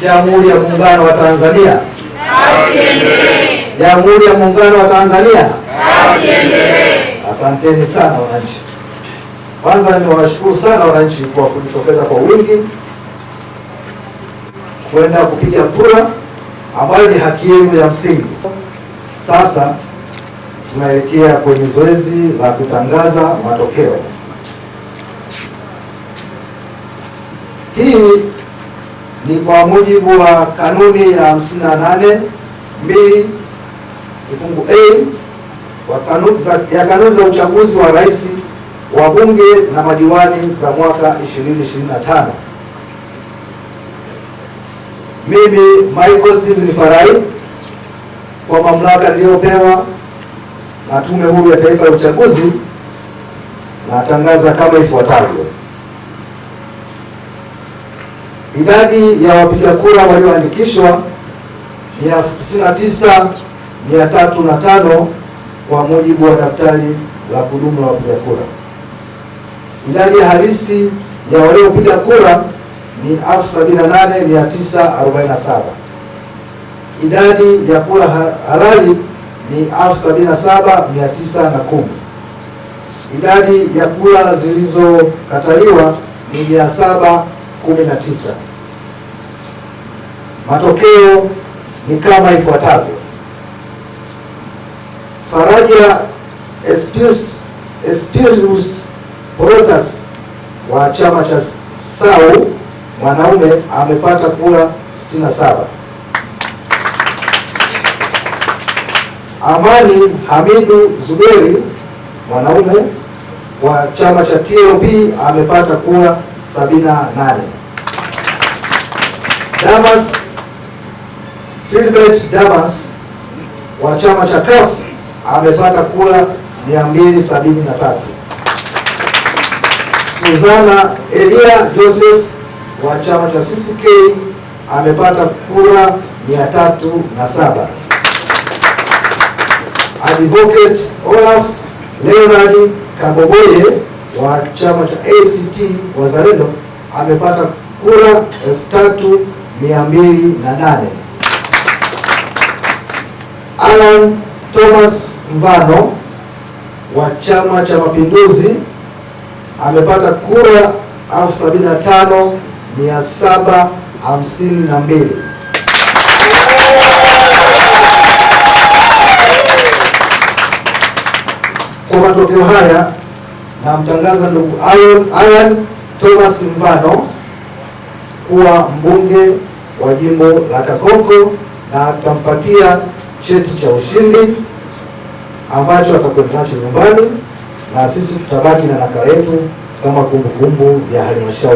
Jamhuri ya Muungano wa Tanzania. Jamhuri ya Muungano wa Tanzania. Asanteni sana wananchi. Kwanza niwashukuru sana wananchi kwa kujitokeza kwa wingi kwenda kupiga kura ambayo ni haki yenu ya msingi. Sasa tunaelekea kwenye zoezi la kutangaza matokeo hii ni kwa mujibu wa kanuni ya 58 kifungu A ya kanuni za uchaguzi wa rais wa bunge na madiwani za mwaka 2025. Mimi Michael Steven Farai kwa mamlaka niliyopewa na Tume Huru ya Taifa ya Uchaguzi natangaza kama ifuatavyo. Idadi ya wapiga kura walioandikishwa ni tano kwa mujibu wa daftari la kudumu la wapiga kura. Idadi ya halisi ya waliopiga kura ni 78947. Idadi ya kura halali ni 77910. Idadi ya kura zilizokataliwa ni 700 19. Matokeo ni kama ifuatavyo: Faraja Espirus Protas wa chama cha SAU mwanaume amepata kura 67. Amani Hamidu Zuberi mwanaume wa chama cha TLP amepata kura Nare. Damas Philbert Damas wa chama cha CUF amepata kura 273. Suzana Elia Joseph wa chama cha CCK amepata kura 307. Advocate Olaf Leonard Kambogoye wa chama cha ACT Wazalendo amepata kura 3208. Alan Thomas Mvano wa Chama cha Mapinduzi amepata kura 75752. Kwa matokeo haya Namtangaza ndugu Ian Thomas Mvano kuwa mbunge wa jimbo la Kakonko na atampatia cheti cha ushindi ambacho atakwenda nacho nyumbani, na sisi tutabaki na nakala yetu kama kumbukumbu ya halmashauri.